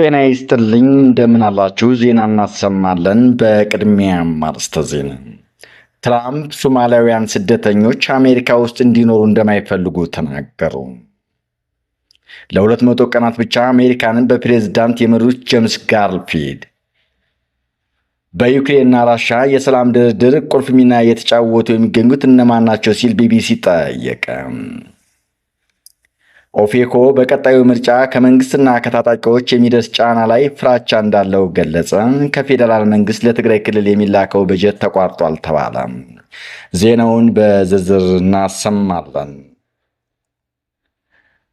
ጤና ይስጥልኝ እንደምን አላችሁ? ዜና እናሰማለን። በቅድሚያም አርዕስተ ዜና። ትራምፕ ሶማሊያውያን ስደተኞች አሜሪካ ውስጥ እንዲኖሩ እንደማይፈልጉ ተናገሩ። ለሁለት መቶ ቀናት ብቻ አሜሪካንን በፕሬዝዳንት የመሩት ጄምስ ጋርፊልድ። በዩክሬንና ራሻ የሰላም ድርድር ቁልፍ ሚና እየተጫወቱ የሚገኙት እነማን ናቸው ሲል ቢቢሲ ጠየቀ። ኦፌኮ በቀጣዩ ምርጫ ከመንግስትና ከታጣቂዎች የሚደርስ ጫና ላይ ፍራቻ እንዳለው ገለጸ። ከፌዴራል መንግስት ለትግራይ ክልል የሚላከው በጀት ተቋርጧል ተባለ። ዜናውን በዝርዝር እናሰማለን።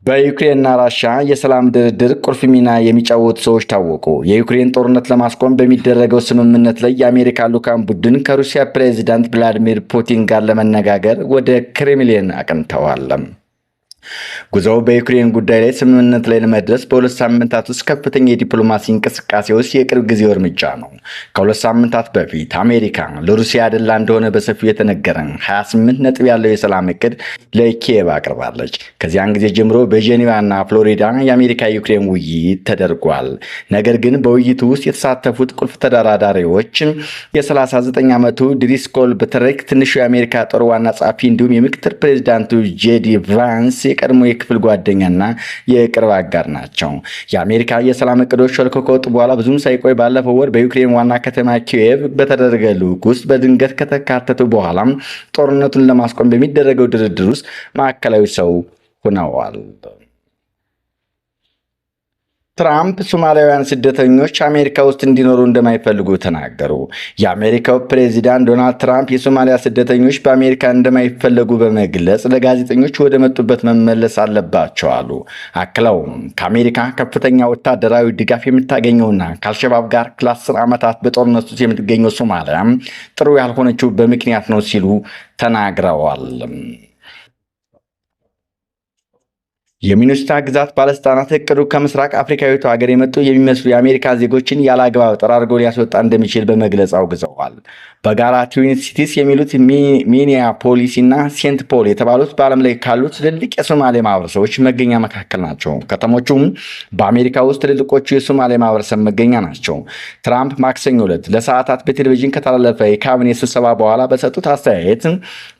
በዩክሬንና ራሻ የሰላም ድርድር ቁልፍ ሚና የሚጫወቱ ሰዎች ታወቁ። የዩክሬን ጦርነት ለማስቆም በሚደረገው ስምምነት ላይ የአሜሪካ ልዑካን ቡድን ከሩሲያ ፕሬዚዳንት ቭላዲሚር ፑቲን ጋር ለመነጋገር ወደ ክሬምሊን አቅንተዋል። ጉዞው በዩክሬን ጉዳይ ላይ ስምምነት ላይ ለመድረስ በሁለት ሳምንታት ውስጥ ከፍተኛ የዲፕሎማሲ እንቅስቃሴ ውስጥ የቅርብ ጊዜው እርምጃ ነው። ከሁለት ሳምንታት በፊት አሜሪካ ለሩሲያ አደላ እንደሆነ በሰፊው የተነገረ 28 ነጥብ ያለው የሰላም እቅድ ለኪየቭ አቅርባለች። ከዚያን ጊዜ ጀምሮ በጄኔቫና ፍሎሪዳ የአሜሪካ ዩክሬን ውይይት ተደርጓል። ነገር ግን በውይይቱ ውስጥ የተሳተፉት ቁልፍ ተደራዳሪዎች የ39 ዓመቱ ድሪስኮል በተረክ ትንሹ የአሜሪካ ጦር ዋና ጸሐፊ እንዲሁም የምክትል ፕሬዚዳንቱ ጄዲ ቫንስ የቀድሞ የክፍል ጓደኛና የቅርብ አጋር ናቸው። የአሜሪካ የሰላም እቅዶች ሾልኮ ከወጡ በኋላ ብዙም ሳይቆይ ባለፈው ወር በዩክሬን ዋና ከተማ ኪየቭ በተደረገ ልዑክ ውስጥ በድንገት ከተካተቱ በኋላም ጦርነቱን ለማስቆም በሚደረገው ድርድር ውስጥ ማዕከላዊ ሰው ሆነዋል። ትራምፕ ሶማሊያውያን ስደተኞች አሜሪካ ውስጥ እንዲኖሩ እንደማይፈልጉ ተናገሩ። የአሜሪካው ፕሬዚዳንት ዶናልድ ትራምፕ የሶማሊያ ስደተኞች በአሜሪካ እንደማይፈለጉ በመግለጽ ለጋዜጠኞች ወደ መጡበት መመለስ አለባቸው አሉ። አክለውም ከአሜሪካ ከፍተኛ ወታደራዊ ድጋፍ የምታገኘውና ከአልሸባብ ጋር ለአስር ዓመታት በጦርነት ውስጥ የምትገኘው ሶማሊያ ጥሩ ያልሆነችው በምክንያት ነው ሲሉ ተናግረዋል። የሚኒሶታ ግዛት ባለስልጣናት እቅዱ ከምስራቅ አፍሪካዊቱ ሀገር የመጡ የሚመስሉ የአሜሪካ ዜጎችን ያለ አግባብ ጠራርጎ ሊያስወጣ እንደሚችል በመግለጽ አውግዘዋል። በጋራ ትዊን ሲቲስ የሚሉት ሚኒያፖሊስ እና ሴንት ፖል የተባሉት በዓለም ላይ ካሉት ትልልቅ የሶማሌ ማህበረሰቦች መገኛ መካከል ናቸው። ከተሞቹም በአሜሪካ ውስጥ ትልልቆቹ የሶማሌ ማህበረሰብ መገኛ ናቸው። ትራምፕ ማክሰኞ ዕለት ለሰዓታት በቴሌቪዥን ከተላለፈ የካቢኔ ስብሰባ በኋላ በሰጡት አስተያየት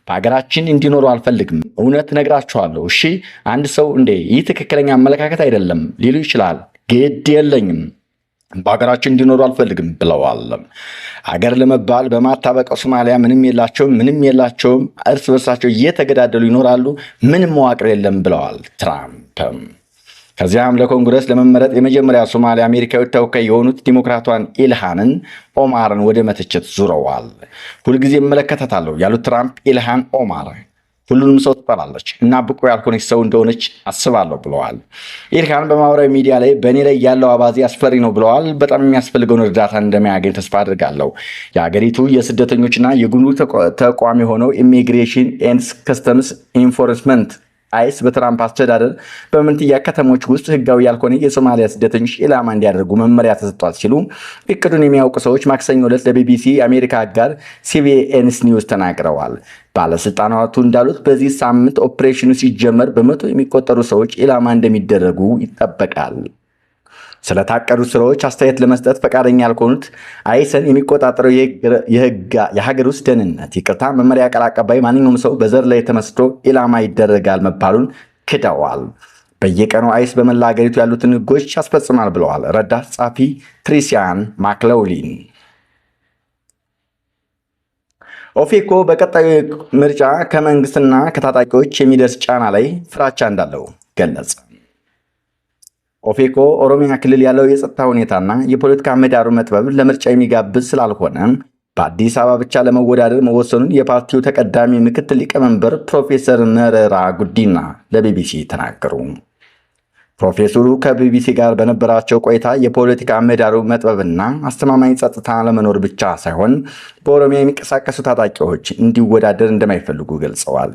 በሀገራችን እንዲኖሩ አልፈልግም። እውነት ነግራችኋለሁ። እሺ አንድ ሰው እንዴ ይህ ትክክለኛ አመለካከት አይደለም ሊሉ ይችላል። ግድ የለኝም በሀገራችን እንዲኖሩ አልፈልግም ብለዋል። አገር ለመባል በማታበቀው ሶማሊያ ምንም የላቸውም፣ ምንም የላቸውም። እርስ በርሳቸው እየተገዳደሉ ይኖራሉ። ምንም መዋቅር የለም ብለዋል ትራምፕም። ከዚያም ለኮንግረስ ለመመረጥ የመጀመሪያ ሶማሌ አሜሪካዊ ተወካይ የሆኑት ዲሞክራቷን ኢልሃንን ኦማርን ወደ መተቸት ዙረዋል። ሁልጊዜ እመለከታታለሁ ያሉት ትራምፕ ኢልሃን ኦማር ሁሉንም ሰው ትጠላለች እና ብቁ ያልሆነች ሰው እንደሆነች አስባለሁ ብለዋል። ኢልሃን በማህበራዊ ሚዲያ ላይ በእኔ ላይ ያለው አባዜ አስፈሪ ነው ብለዋል። በጣም የሚያስፈልገውን እርዳታ እንደሚያገኝ ተስፋ አድርጋለሁ። የሀገሪቱ የስደተኞችና የጉምሩክ ተቋም የሆነው ኢሚግሬሽን ኤንድ ከስተምስ ኢንፎርስመንት አይስ በትራምፕ አስተዳደር በምንትያ ከተሞች ውስጥ ህጋዊ ያልሆነ የሶማሊያ ስደተኞች ኢላማ እንዲያደርጉ መመሪያ ተሰጥቷል ሲሉ እቅዱን የሚያውቁ ሰዎች ማክሰኞ ዕለት ለቢቢሲ የአሜሪካ አጋር ሲቢኤንስ ኒውስ ተናግረዋል። ባለስልጣናቱ እንዳሉት በዚህ ሳምንት ኦፕሬሽኑ ሲጀመር በመቶ የሚቆጠሩ ሰዎች ኢላማ እንደሚደረጉ ይጠበቃል። ስለታቀዱት ስራዎች አስተያየት ለመስጠት ፈቃደኛ ያልሆኑት አይሰን የሚቆጣጠረው የሀገር ውስጥ ደህንነት ይቅርታ መመሪያ ቃል አቀባይ ማንኛውም ሰው በዘር ላይ ተመስቶ ኢላማ ይደረጋል መባሉን ክደዋል። በየቀኑ አይስ በመላ ሀገሪቱ ያሉትን ህጎች ያስፈጽማል ብለዋል ረዳት ጸሐፊ ትሪሲያን ማክለውሊን። ኦፌኮ በቀጣዩ ምርጫ ከመንግስትና ከታጣቂዎች የሚደርስ ጫና ላይ ፍራቻ እንዳለው ገለጸ። ኦፌኮ ኦሮሚያ ክልል ያለው የጸጥታ ሁኔታና የፖለቲካ ምህዳሩ መጥበብ ለምርጫ የሚጋብዝ ስላልሆነ በአዲስ አበባ ብቻ ለመወዳደር መወሰኑን የፓርቲው ተቀዳሚ ምክትል ሊቀመንበር ፕሮፌሰር መረራ ጉዲና ለቢቢሲ ተናገሩ። ፕሮፌሰሩ ከቢቢሲ ጋር በነበራቸው ቆይታ የፖለቲካ ምህዳሩ መጥበብና አስተማማኝ ጸጥታ ለመኖር ብቻ ሳይሆን በኦሮሚያ የሚንቀሳቀሱ ታጣቂዎች እንዲወዳደር እንደማይፈልጉ ገልጸዋል።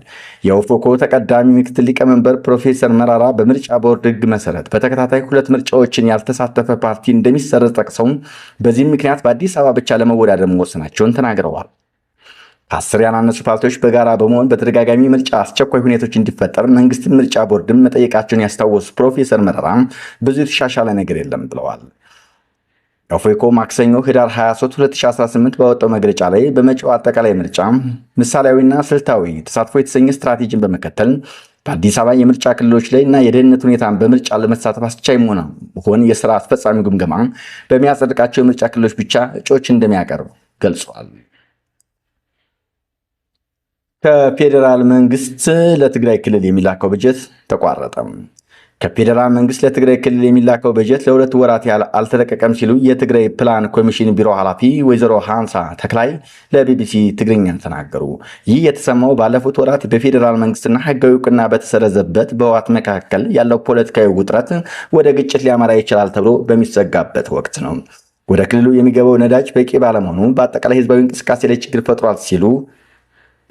የኦፌኮ ተቀዳሚ ምክትል ሊቀመንበር ፕሮፌሰር መራራ በምርጫ ቦርድ ሕግ መሰረት በተከታታይ ሁለት ምርጫዎችን ያልተሳተፈ ፓርቲ እንደሚሰረዝ ጠቅሰው በዚህም ምክንያት በአዲስ አበባ ብቻ ለመወዳደር መወሰናቸውን ተናግረዋል። ከአስር ያላነሱ ፓርቲዎች በጋራ በመሆን በተደጋጋሚ ምርጫ አስቸኳይ ሁኔታዎች እንዲፈጠር መንግስትን ምርጫ ቦርድን መጠየቃቸውን ያስታወሱ ፕሮፌሰር መረራ ብዙ የተሻሻለ ነገር የለም ብለዋል። ኦፌኮ ማክሰኞ ህዳር 23 2018 ባወጣው መግለጫ ላይ በመጪው አጠቃላይ ምርጫ ምሳሌያዊና ስልታዊ ተሳትፎ የተሰኘ ስትራቴጂን በመከተል በአዲስ አበባ የምርጫ ክልሎች ላይ እና የደህንነት ሁኔታን በምርጫ ለመሳተፍ አስቻይ መሆን የስራ አስፈጻሚ ግምገማ በሚያጸድቃቸው የምርጫ ክልሎች ብቻ እጩዎች እንደሚያቀርብ ገልጿል። ከፌዴራል መንግስት ለትግራይ ክልል የሚላከው በጀት ተቋረጠ። ከፌዴራል መንግስት ለትግራይ ክልል የሚላከው በጀት ለሁለት ወራት ያህል አልተለቀቀም ሲሉ የትግራይ ፕላን ኮሚሽን ቢሮ ኃላፊ ወይዘሮ ሃንሳ ተክላይ ለቢቢሲ ትግርኛን ተናገሩ። ይህ የተሰማው ባለፉት ወራት በፌዴራል መንግስትና ህጋዊ እውቅና በተሰረዘበት በህወሓት መካከል ያለው ፖለቲካዊ ውጥረት ወደ ግጭት ሊያመራ ይችላል ተብሎ በሚሰጋበት ወቅት ነው። ወደ ክልሉ የሚገባው ነዳጅ በቂ ባለመሆኑ በአጠቃላይ ህዝባዊ እንቅስቃሴ ላይ ችግር ፈጥሯል ሲሉ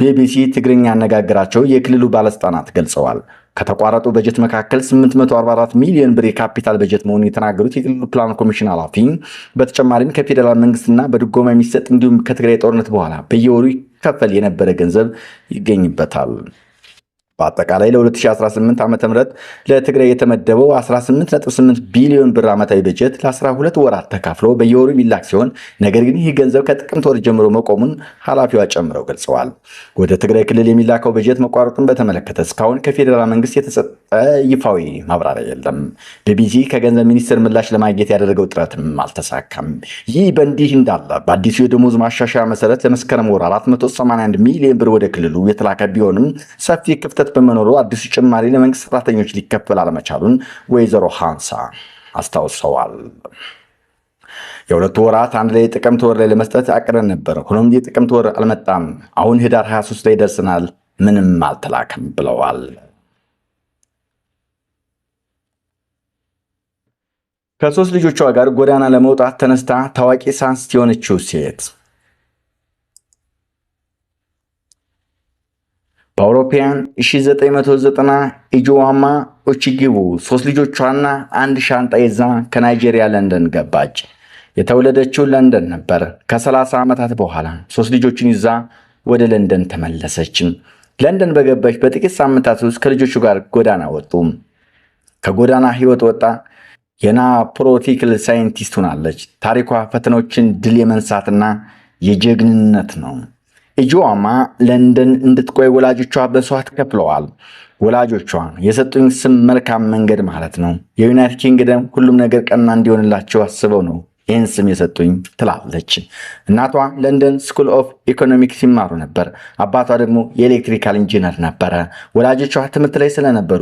ቢቢሲ ትግርኛ ያነጋገራቸው የክልሉ ባለስልጣናት ገልጸዋል። ከተቋረጡ በጀት መካከል 844 ሚሊዮን ብር የካፒታል በጀት መሆኑን የተናገሩት የክልሉ ፕላን ኮሚሽን ኃላፊ በተጨማሪም ከፌዴራል መንግስትና በድጎማ የሚሰጥ እንዲሁም ከትግራይ ጦርነት በኋላ በየወሩ ይከፈል የነበረ ገንዘብ ይገኝበታል። በአጠቃላይ ለ2018 ዓ ም ለትግራይ የተመደበው 188 ቢሊዮን ብር ዓመታዊ በጀት ለ12 ወራት ተካፍሎ በየወሩ የሚላክ ሲሆን ነገር ግን ይህ ገንዘብ ከጥቅምት ወር ጀምሮ መቆሙን ኃላፊዋ ጨምረው ገልጸዋል። ወደ ትግራይ ክልል የሚላከው በጀት መቋረጡን በተመለከተ እስካሁን ከፌዴራል መንግስት የተሰጠ ይፋዊ ማብራሪያ የለም። ቢቢሲ ከገንዘብ ሚኒስቴር ምላሽ ለማግኘት ያደረገው ጥረትም አልተሳካም። ይህ በእንዲህ እንዳለ በአዲሱ የደሞዝ ማሻሻያ መሰረት ለመስከረም ወር 481 ሚሊዮን ብር ወደ ክልሉ የተላከ ቢሆንም ሰፊ ክፍተት እጥረት በመኖሩ አዲሱ ጭማሪ ለመንግስት ሰራተኞች ሊከፈል አለመቻሉን ወይዘሮ ሃንሳ አስታውሰዋል። የሁለቱ ወራት አንድ ላይ ጥቅምት ወር ላይ ለመስጠት አቅደን ነበር። ሆኖም የጥቅምት ወር አልመጣም። አሁን ህዳር 23 ላይ ደርሰናል። ምንም አልተላከም ብለዋል። ከሶስት ልጆቿ ጋር ጎዳና ለመውጣት ተነስታ ታዋቂ ሳንስት የሆነችው ሴት በአውሮፓውያን 1990 ኢጆዋማ ኦቺጊቡ ሶስት ልጆቿና አንድ ሻንጣ ይዛ ከናይጄሪያ ለንደን ገባች። የተወለደችው ለንደን ነበር። ከ30 ዓመታት በኋላ ሶስት ልጆችን ይዛ ወደ ለንደን ተመለሰች። ለንደን በገባች በጥቂት ሳምንታት ውስጥ ከልጆቹ ጋር ጎዳና ወጡ። ከጎዳና ህይወት ወጣ የናፕሮቲክል ሳይንቲስት ሆናለች። ታሪኳ ፈተኖችን ድል የመንሳትና የጀግንነት ነው። እጆዋማ ለንደን እንድትቆይ ወላጆቿ በስዋት ከፍለዋል። ወላጆቿ የሰጡኝ ስም መልካም መንገድ ማለት ነው። የዩናይትድ ኪንግደም ሁሉም ነገር ቀና እንዲሆንላቸው አስበው ነው ይህን ስም የሰጡኝ ትላለች። እናቷ ለንደን ስኩል ኦፍ ኢኮኖሚክስ ሲማሩ ነበር። አባቷ ደግሞ የኤሌክትሪካል ኢንጂነር ነበረ። ወላጆቿ ትምህርት ላይ ስለነበሩ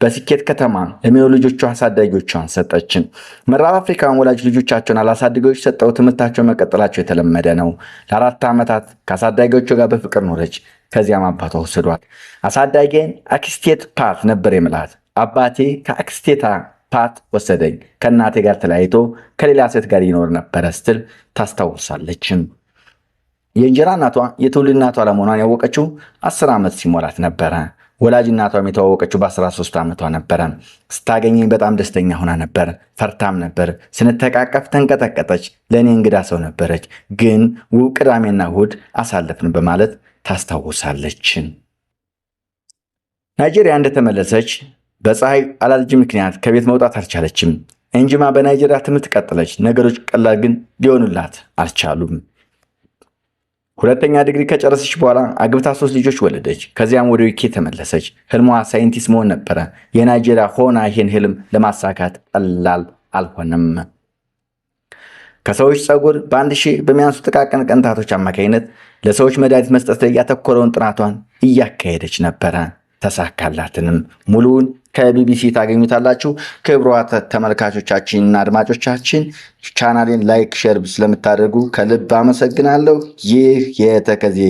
በስኬት ከተማ ለሚኖሩ ልጆቿ አሳዳጊዎቿን ሰጠችን። ምዕራብ አፍሪካውያን ወላጅ ልጆቻቸውን አላሳድጊዎች ሰጠው ትምህርታቸው መቀጠላቸው የተለመደ ነው። ለአራት ዓመታት ከአሳዳጊዎቹ ጋር በፍቅር ኖረች። ከዚያም አባቷ ወስዷት። አሳዳጊን አክስቴት ፓት ነበር የምላት። አባቴ ከአክስቴታ ፓት ወሰደኝ። ከእናቴ ጋር ተለያይቶ ከሌላ ሴት ጋር ይኖር ነበረ ስትል ታስታውሳለችም። የእንጀራ እናቷ የትውልድ እናቷ ለመሆኗን ያወቀችው አስር ዓመት ሲሞላት ነበረ። ወላጅ እናቷም የተዋወቀችው በ13 ዓመቷ ነበረ። ስታገኘኝ በጣም ደስተኛ ሆና ነበር። ፈርታም ነበር። ስንተቃቀፍ ተንቀጠቀጠች። ለእኔ እንግዳ ሰው ነበረች። ግን ውብ ቅዳሜና እሁድ አሳለፍን በማለት ታስታውሳለች። ናይጄሪያ እንደተመለሰች በፀሐይ አላርጂ ምክንያት ከቤት መውጣት አልቻለችም። እንጅማ በናይጄሪያ ትምህርት ቀጠለች። ነገሮች ቀላል ግን ሊሆኑላት አልቻሉም። ሁለተኛ ዲግሪ ከጨረሰች በኋላ አግብታ ሶስት ልጆች ወለደች። ከዚያም ወደ ዩኬ ተመለሰች። ህልሟ ሳይንቲስት መሆን ነበረ። የናይጄሪያ ሆና ይህን ህልም ለማሳካት ቀላል አልሆነም። ከሰዎች ፀጉር በአንድ ሺህ በሚያንሱ ጥቃቅን ቅንጣቶች አማካኝነት ለሰዎች መድኃኒት መስጠት ላይ ያተኮረውን ጥናቷን እያካሄደች ነበረ። ተሳካላትንም። ሙሉውን ከቢቢሲ ታገኙታላችሁ። ክቡራት ተመልካቾቻችንና አድማጮቻችን ቻናሌን ላይክ፣ ሼር ስለምታደርጉ ከልብ አመሰግናለሁ። ይህ የተከዜ